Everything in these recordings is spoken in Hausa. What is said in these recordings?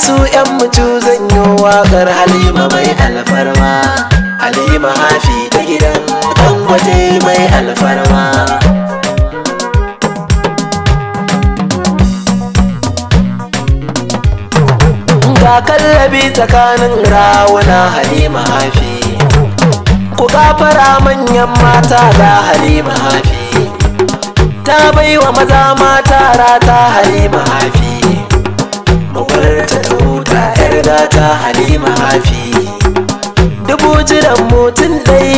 su yan mutu zanyo wakar halima mai alfarma halima hafi ta gidan dangote mai alfarma ga kallabi tsakanin rawuna halima hafi ku gafara manyan mata ga halima hafi ta baiwa maza mata rata halima hafi falarta ta huta yar gata halima hafi dubu jiran mutum ɗai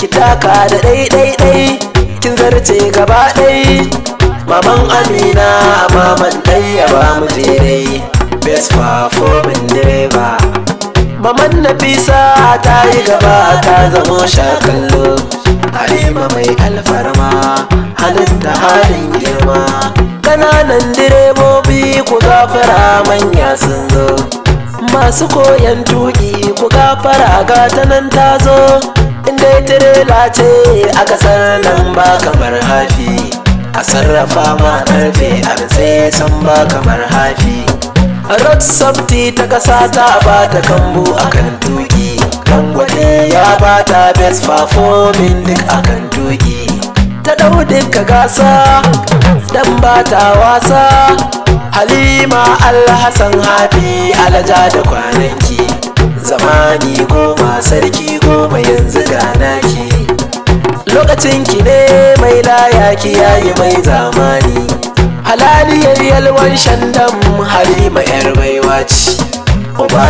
ki taka da ɗai ɗai ɗai kin zarce gaba ɗai maman amina maman ɗai ya ba mu jerai best performing driver maman nafisa ta yi gaba ta zamo shakallo halima mai alfarma halin da halin girma kananan direbobi ku gafara manya sun zo masu koyan tuki ku gafara gata nan ta zo inda tirela ce a kasar nan ba kamar hafi a sarrafa ma karfe a sai san ba kamar hafi rock safety ta kasa ta ba ta kambu akan tuki dangote ya ba ta best performing duk akan tuki ta ɗau duka gasa dan ba wasa halima alhassan hafi alaja da kwananki zamani goma sarki goma yanzu ganaki lokacin ki ne mai laya ki yayi mai zamani halaliyar yalwar shandan halima yar baiwa ce uba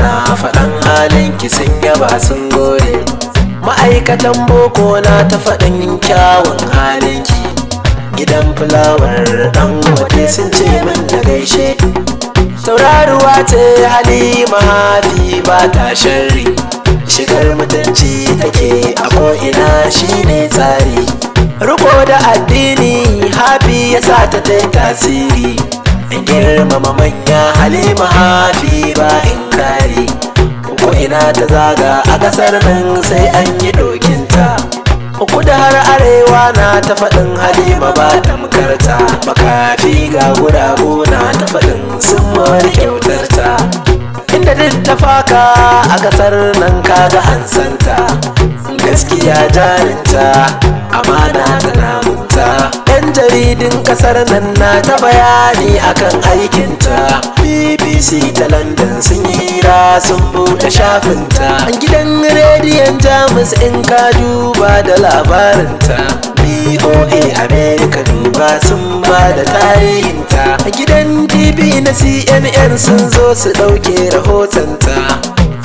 na faɗan halin ki sun yaba sun gore ma'aikatan boko na ta faɗin kyawun halinki gidan fulawar dan waje sun ce min ta gaishe sauraruwa ce halima fi ba ta shari shigar mutunci take a ko'ina shine tsari riko da addini hafi ya sa ta ta tasiri in girmama manya halima hafi ba in kari ko'ina ta zaga a kasar nan sai an yi doki da har arewa na ta faɗin halima ba ta mukarta makafi ga guragu na ta faɗin sun mawar kyautarta inda duk ta faka a ƙasar nan kaga an santa gaskiya jarinta amana ta namunta jaridin kasar nan na ta bayani akan aikinta bbc ta london sun yi sun buɗe shafinta gidan rediyon jamus in ka duba da labarinta boa america duba sun ba da tarihinta a gidan tv na cnn sun zo su ɗauke rahotonta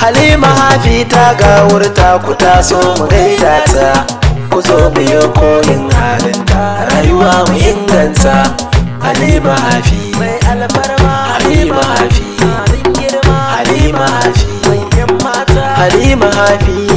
halima hafi ta gawar ta ku taso mu gaida ta mu yi koyin halinta rayuwa mu inganta Ali hafi mai albarma Ali hafi Ali hafi Ali hafi